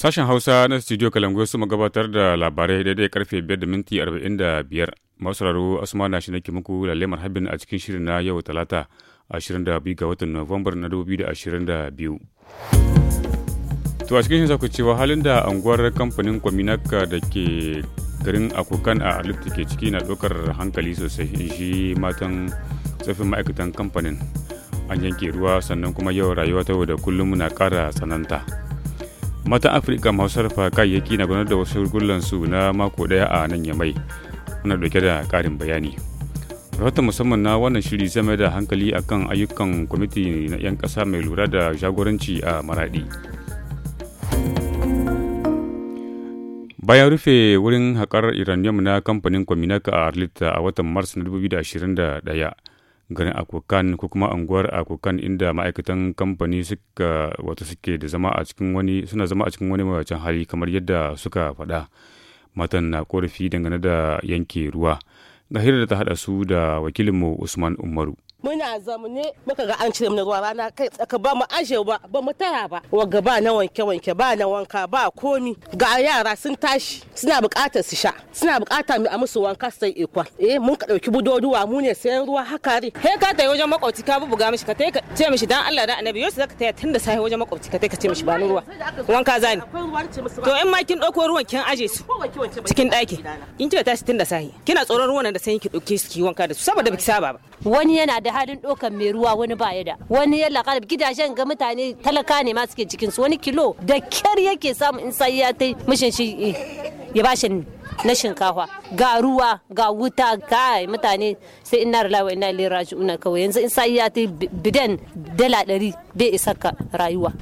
Sashen Hausa na Studio Kalangoyo su gabatar da labarai daidai karfe 5 da minti 45. Masararo Asmana shi nake muku lalemar habin a cikin shirin na yau Talata 22 ga watan Nuwambar na 2022. To a cikin shi ku cewa halin da anguwar kamfanin Kwaminaka da ke garin Akokan a Alifta ke ciki na ɗaukar hankali sosai in shi matan tsafin ma'aikatan kamfanin. An yanke ruwa sannan kuma yau rayuwa ta da kullum na kara tsananta. mata afirka masu sarrafa kayayyaki na gudanar da wasu gullansu na mako daya a nan yamai muna dauke da karin bayani rahoton musamman na wannan shiri zai mai da hankali akan ayyukan kwamiti na 'yan ƙasa mai lura da jagoranci a maradi bayan rufe wurin haƙar uranium na kamfanin kwaminaka a arlita a watan mars na 2021 garin akokan ko kuma anguwar akokan inda ma'aikatan kamfani suka wato suke da zama a cikin wani suna zama a cikin wani mawacin hali kamar yadda suka faɗa matan na korafi dangane da yanke ruwa ga da ta haɗa su da wakilinmu usman umaru muna zamne muka ga an cire mu ruwa rana kai tsaka ba mu aje ba ba mu tara ba Wa ba na wanke wanke ba na wanka ba komi ga yara sun tashi suna buƙatar su sha suna bukatar mu a musu wanka sai ikwa eh mun ka dauki budoduwa mu ne sayan ruwa haka re. he ka tayi wajen makwabci ka bubuga mishi ka tayi ka ce mishi dan Allah da annabi yau zaka tayi tunda sai wajen makwabci ka tayi ka ce mishi ba ni ruwa wanka zani to in ma kin dauko ruwan kin aje su cikin daki in kika tashi tunda sai kina tsoron ruwan da sai ki dauke su ki wanka da su saboda biki saba ba wani yana da halin ɗaukan mai ruwa wani ba ya da wani ya gidajen ga mutane talaka ne ma suke su wani kilo da kyar yake samu in sai ya tai mishin shi eh, ya bashi na shinkafa ga ruwa ga wuta ga mutane sai ina ralawa ina lera raji'una kawai yanzu in sai ya tai bidan dala ɗari bai isa ka rayuwa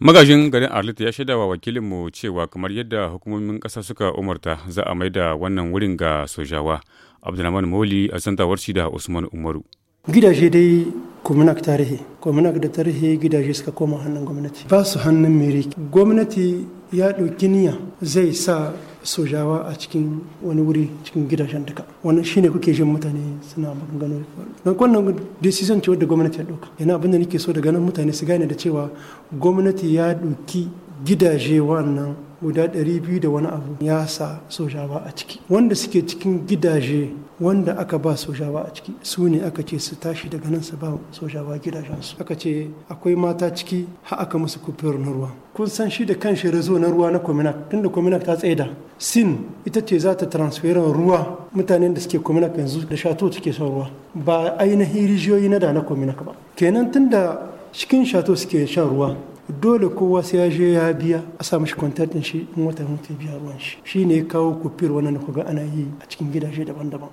Magajin garin Arlit ya shaidawa wa wakilinmu cewa kamar yadda hukumomin ƙasa suka umarta za a mai da wannan wurin ga sojawa. Abdulrahman Moli a santawar shi da Usman Umaru. Gidaje dai kominak tarihi, kominak da tarihi gidaje suka koma hannun gwamnati. Ba su hannun meri. Gwamnati ya ɗauki niyya zai sa sojawa a cikin wani wuri cikin gidajen duka wannan shine kuke jin mutane suna maganganu don wannan decision ce wadda gwamnati ya dauka yana abin da nake so da ganin mutane su gane da cewa gwamnati ya doki gidaje wannan guda 200 da wani abu ya sa ba a ciki wanda suke cikin gidaje wanda aka ba ba a ciki su ne aka ce su tashi daga nan su ba sojawa gidajensu aka ce akwai mata ciki ha aka musu kufiyar na ruwa kun san shi da kan shi rezo na ruwa na kominak tunda kominak ta tsaida sin ita ce za ta transferin ruwa mutanen da suke kominak yanzu da shato suke son ruwa ba ainihin rijiyoyi na da na kominak ba kenan tunda cikin shato suke shan ruwa dole kowa sai ya je ya biya a sa mashi kwantar din shi in wata mutu biya ruwan shi shi ne kawo kufir wannan da kuga ana yi a cikin gidaje daban-daban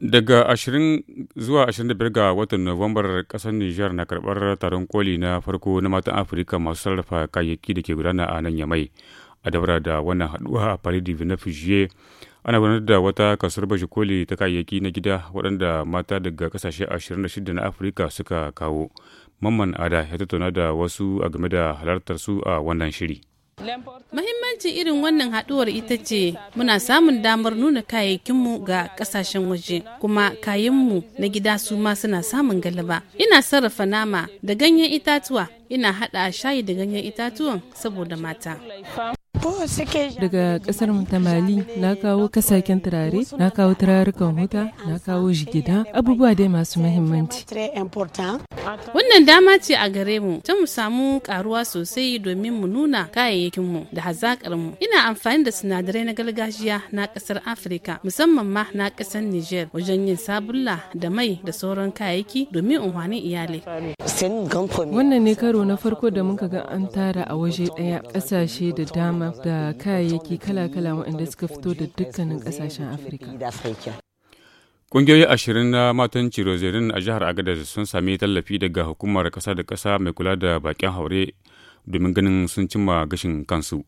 daga 20 zuwa 25 ga watan nuwambar kasar nijar na karbar taron koli na farko na matan afirka masu sarrafa kayayyaki da ke gudana a nan yamai a dabara da wannan haduwa a paris de ana gudanar da wata kasuwar bashi koli ta kayayyaki na gida waɗanda mata daga ƙasashe 26 na afirka suka kawo mamman ada ya tattauna da wasu a game da halartar su a wannan shiri Mahimmancin irin wannan haɗuwar ita ce muna samun damar nuna kayayyakinmu ga ƙasashen waje kuma kayanmu na gida su ma suna samun galaba. Ina sarrafa nama da ganyen itatuwa ina haɗa shayi da ganyen itatuwan saboda mata. Daga kasar ta Mali na kawo kasaken turare, na kawo turarukan huta, na kawo jigida, abubuwa dai masu mahimmanci. Wannan dama ce a gare mu, ta mu samu karuwa sosai domin mu nuna kayayyakin mu da mu Ina amfani da sinadarai na gargajiya na kasar Afirka, musamman ma na kasar Niger wajen yin sabulla da mai da sauran kayayyaki domin unhwanin iyali Wannan ne karo na farko da muka ga an tara a waje daya kasashe da dama da kayayyaki kala-kala waɗanda suka fito da dukkanin ƙasashen Afirka. Ƙungiyoyi ashirin na matan cirozerin a jihar Agadez sun sami tallafi daga hukumar ƙasa da ƙasa mai kula da baƙin haure domin ganin sun cimma gashin kansu.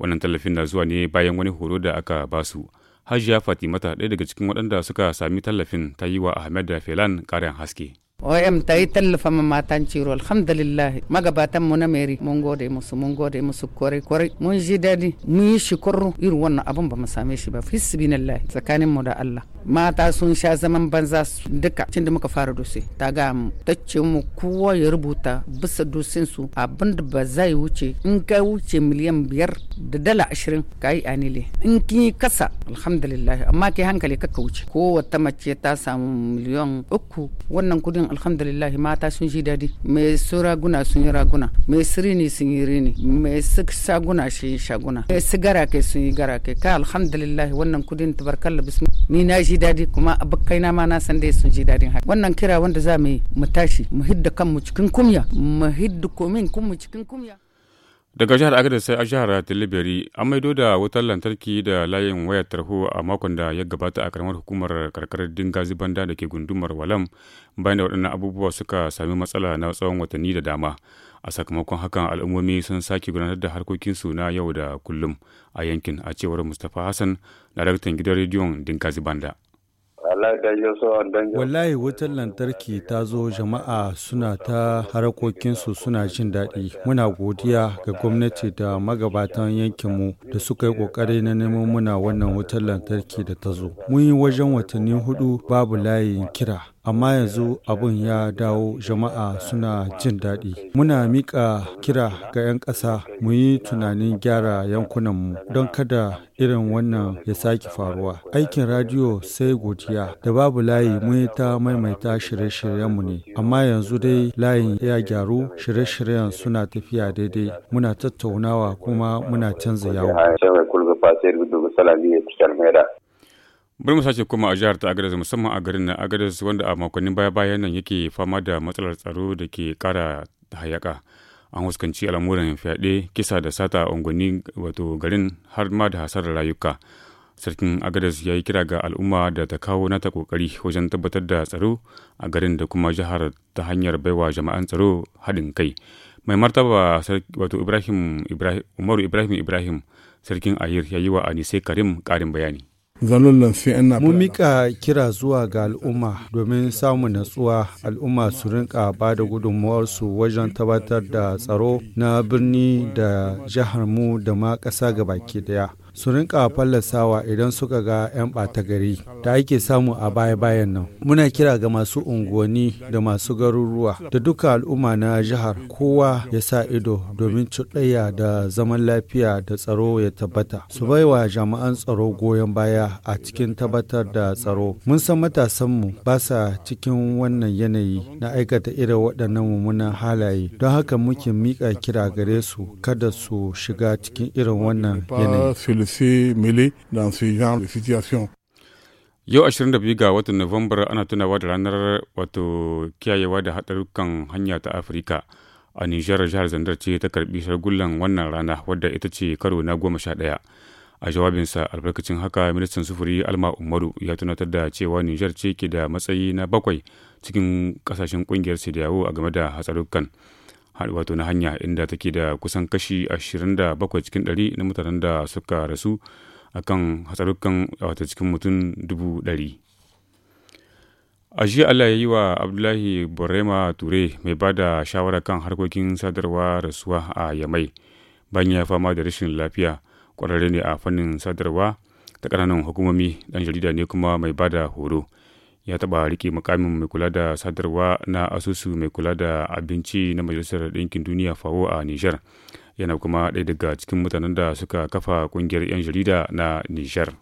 Wannan tallafin na zuwa ne bayan wani horo da aka basu. Hajiya Fatimata ɗaya daga cikin waɗanda suka sami tallafin ta yi wa Ahmed Felan ƙarin haske. OM ta yi tallafa ma matan ciro alhamdulillah magabatan mu na meri mun gode musu mun gode musu kore kore mun ji dadi mun yi shukuru irin wannan abun ba mu same shi ba fisbillah tsakanin mu da Allah mata sun sha zaman banza duka tun da muka fara dose ta ga mu ta ce mu kowa ya rubuta bisa dosin su abin da ba zai wuce in ka wuce miliyan biyar da dala ashirin ka yi anile in kin yi kasa alhamdulillah amma ke hankali kaka wuce ko wata mace ta samu miliyan uku wannan kudin alhamdulillah mata sun ji dadi mai su raguna sun yi raguna mai sirini sun yi rini mai su shaguna shi shaguna mai su gara kai sun yi gara kai ka alhamdulillah wannan kudin tabarkalla bismi ni na ji dadi kuma na ma na san dai sun ji dadin haka wannan kira wanda za mu yi mu tashi mu hidda kanmu cikin kumya mu hidda komin kanmu cikin kumya Daga jihar agada sai a jihar Tilibiri an maido da wutar lantarki da layin wayar tarho a makon da ya gabata a karamar hukumar karkarar Dingazi Banda da ke gundumar Walam bayan da waɗannan abubuwa suka sami matsala na tsawon watanni da dama. A sakamakon hakan al'ummomi sun sake gudanar da harkokinsu na yau da kullum a yankin a cewar Mustapha Hassan na gidan rediyon Dingazi Banda. Wallahi wutar lantarki ta zo jama'a suna ta harakokinsu suna jin daɗi. Muna godiya ga gwamnati da magabatan yankinmu da suka yi ƙoƙari na neman muna wannan wutar lantarki da ta zo. Mun yi wajen watanni hudu babu layin kira. amma yanzu abun ya dawo jama'a suna jin daɗi muna miƙa kira ga 'yan ƙasa mu yi tunanin gyara yankunanmu don kada irin wannan ya sake faruwa aikin radiyo sai godiya da babu layi mun ta maimaita shirye-shiryenmu ne amma yanzu dai layin ya gyaru shirye-shiryen suna tafiya daidai muna tattaunawa kuma muna canza yawo bari mu sace kuma a jihar ta agadez musamman a garin na agadez wanda a makonnin baya bayan nan yake fama da matsalar tsaro da ke kara hayaka an huskanci al'amuran fyaɗe kisa da sata unguwanni wato garin har ma da hasarar rayuka sarkin agadez ya yi kira ga al'umma da ta kawo nata kokari wajen tabbatar da tsaro a garin da kuma jihar ta hanyar baiwa jama'an tsaro haɗin kai mai martaba wato ibrahim umaru ibrahim ibrahim sarkin ayir ya yi wa anise karim ƙarin bayani Mun mika kira zuwa ga al'umma domin samun natsuwa al'umma su rinka ba da su wajen tabbatar da tsaro na birni da jihar mu da ma ƙasa baki daya. su rinka fallasawa idan suka ga 'yan ɓata gari da ake samu a baya-bayan nan. Muna kira ga masu unguwanni da masu garuruwa da duka al'umma na jihar kowa ya sa ido domin cuɗaya da zaman lafiya da tsaro ya tabbata. Su baiwa jami'an tsaro goyon baya a cikin tabbatar da tsaro. Mun san matasanmu ba sa cikin wannan yanayi na aikata irin waɗannan mummunan halaye don haka muke miƙa kira gare su kada su shiga cikin irin wannan yanayi. de se mêler dans ce genre de situation. Yau 22 ga watan novembar ana tunawa da ranar wato kiyayewa da haɗarukan hanya ta Afirka. A Nijar jihar Zandar ce ta karbi shagullan wannan rana wadda ita ce karo na goma sha ɗaya. A jawabinsa albarkacin haka ministan sufuri Alma Umaru ya tunatar da cewa Nijar ce ke da matsayi na bakwai cikin ƙasashen ƙungiyar Sidiyawo a game da hatsarukan. wato na hanya inda take da kusan kashi 27 cikin 100 na mutanen da suka rasu a kan hatsarukan wato cikin mutum 100 a jiya allah ya yi wa abdullahi borema ture mai ba da shawara kan harkokin sadarwa rasuwa a yamai bayan ya fama da rashin lafiya kwararre ne a fannin sadarwa ta ƙananan hukumomi ɗan jarida ne kuma mai ba da horo ya taɓa rike mukamin mai kula da sadarwa na asusu mai kula da abinci na majalisar ɗinkin duniya fawo a nijar yana kuma ɗaya daga cikin mutanen da suka kafa ƙungiyar 'yan jarida na nijar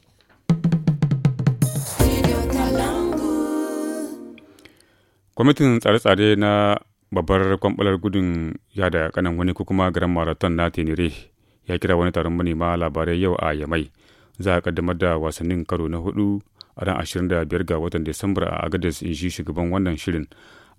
kwamitin tsare-tsare na babbar kwambalar gudun yada kanan wani ko kuma garan maraton na tenere ya kira wani taron manema labarai yau a yamai za a kaddamar da wasannin karo na hudu a ran 25 ga watan Disamba a Agadez in shi shugaban wannan shirin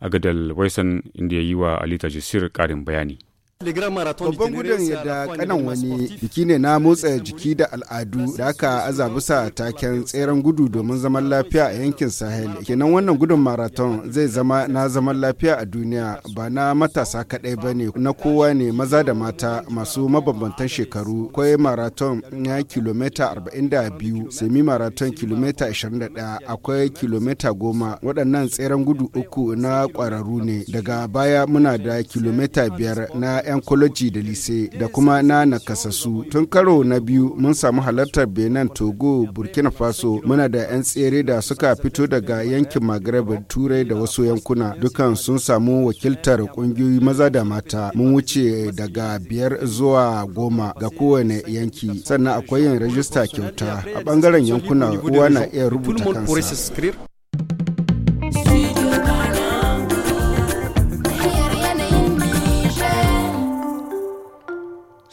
Agadal Waisan inda ya yi wa Alita Jisir karin bayani. Babban gudun da kanan wani biki ne na motsa jiki da al'adu da aka aza bisa taken tseren gudu domin zaman lafiya a yankin Sahel. Kenan wannan gudun maraton zai zama na zaman lafiya a duniya ba na matasa kaɗai ba ne na kowa ne maza da mata masu mabambantan shekaru. Kwai marathon ya kilomita 42, semi marathon kilomita 21, akwai kilomita 10. Waɗannan tseren gudu uku na ƙwararru ne. Daga baya muna da kilomita 5 na 'yan kwaloji da lise da kuma na nakasassu tun karo na biyu mun samu halartar benin togo burkina faso muna da 'yan tsere da suka fito daga yankin maghreb turai da wasu yankuna dukan sun samu wakiltar kungiyoyi maza da mata mun wuce daga biyar zuwa goma ga kowane yanki sannan akwai yin rajista kyauta a bangaren yankuna kowa na iya rubuta kansa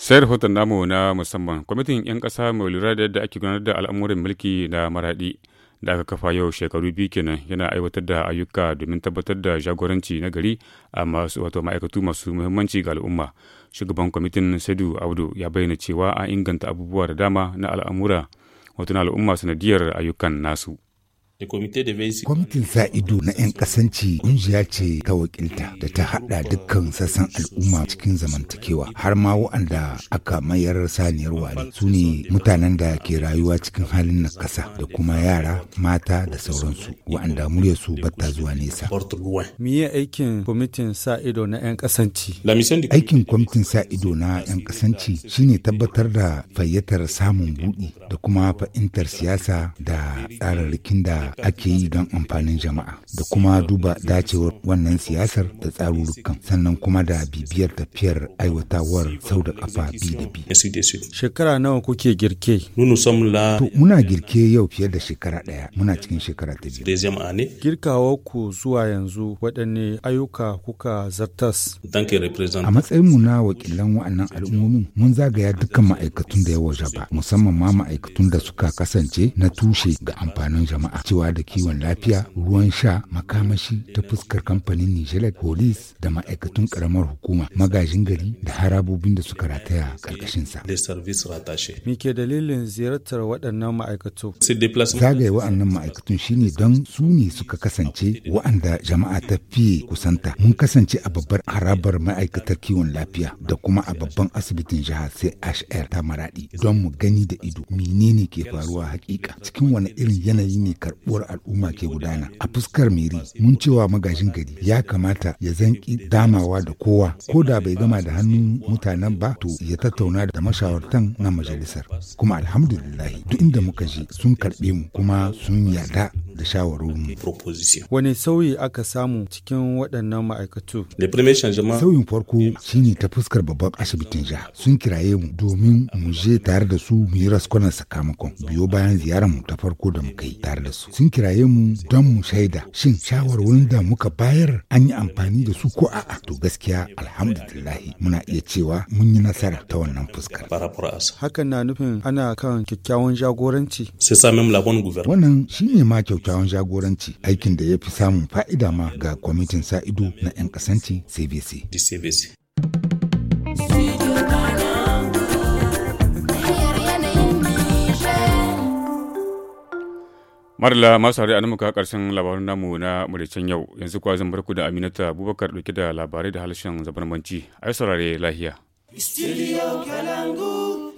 sai rahoton namu na musamman kwamitin 'yan ƙasa mai lura da yadda ake gudanar da al'amuran mulki na maraɗi da aka kafa yau shekaru biyu kenan yana aiwatar da ayyuka domin tabbatar da jagoranci na gari a masu wato ma'aikatu masu muhimmanci ga al'umma shugaban kwamitin saidu audu ya bayyana cewa an inganta abubuwa da dama na al'amura wato na al'umma sanadiyar ayyukan nasu Kwamitin sa ido na 'yan kasanci ƙungiya ce ta wakilta da ta haɗa dukkan sassan al'umma cikin zamantakewa har ma wa'anda aka mayar saniyar ware su ne mutanen da ke rayuwa cikin halin nakasa da kuma yara mata da sauransu wa'anda muryarsu bata zuwa nesa. Miye aikin kwamitin sa ido na 'yan kasanci? Aikin kwamitin sa ido na 'yan kasanci shine tabbatar da fayyatar samun buɗi da kuma fahimtar siyasa da tsararrakin da ake yi don amfanin jama'a da kuma duba dacewar wannan siyasar da tsarurrukan sannan kuma da bibiyar tafiyar aiwatawar sau da kafa bi da bi. Shekara nawa kuke girke? To muna girke yau fiye da shekara daya muna cikin shekara ta biyu. Girkawa ku zuwa yanzu waɗanne ayyuka kuka zartas? A matsayin mu na wakilan wa'annan al'ummomin mun zagaya dukkan ma'aikatun da ya waje musamman ma ma'aikatun da suka kasance na tushe ga amfanin jama'a. cewa da kiwon lafiya ruwan sha makamashi ta fuskar kamfanin nijelat polis da ma'aikatun karamar hukuma magajin gari da harabobin da suka rataya karkashinsa me dalilin ziyartar waɗannan ma'aikatu zagaye waɗannan ma'aikatun shine don su ne suka kasance waɗanda jama'a ta fiye kusanta mun kasance a babbar harabar ma'aikatar kiwon lafiya da kuma a babban asibitin jihar chr ta maradi don mu gani da ido menene ke faruwa hakika cikin wani irin yanayi ne karɓar zaɓuwar al'umma ke gudana a fuskar meri mun cewa magajin gari ya kamata ya zanki damawa da kowa ko da bai gama da hannun mutanen ba to ya tattauna da mashawartan na majalisar kuma alhamdulillah duk inda muka je sun karɓe mu kuma sun yarda da mu. Wani sauyi aka samu cikin waɗannan ma'aikatu? Sauyin farko shi ne ta fuskar babban asibitin ja. sun kiraye mu domin mu je tare da su mu yi raskwanar sakamakon biyo bayan ziyarar mu ta farko da muka yi tare da su. Sun kiraye mu don mu shaida shin shawarwarin da muka bayar an yi amfani da su ko a'a to gaskiya alhamdulillahi muna iya cewa mun yi nasara ta wannan fuskar. Hakan na nufin ana kan kyakkyawan jagoranci. Wannan shi ne ma kyau kyakkyawan jagoranci aikin da ya fi samun fa'ida ma ga kwamitin sa ido na 'yan kasanci cbc Marla masu hari an muka karshen labarin namu na muricin yau yanzu kuwa zan barku da Aminata Abubakar dauke da labarai da halshen zabarmanci ai saurare lahiya. Studio Kalangu.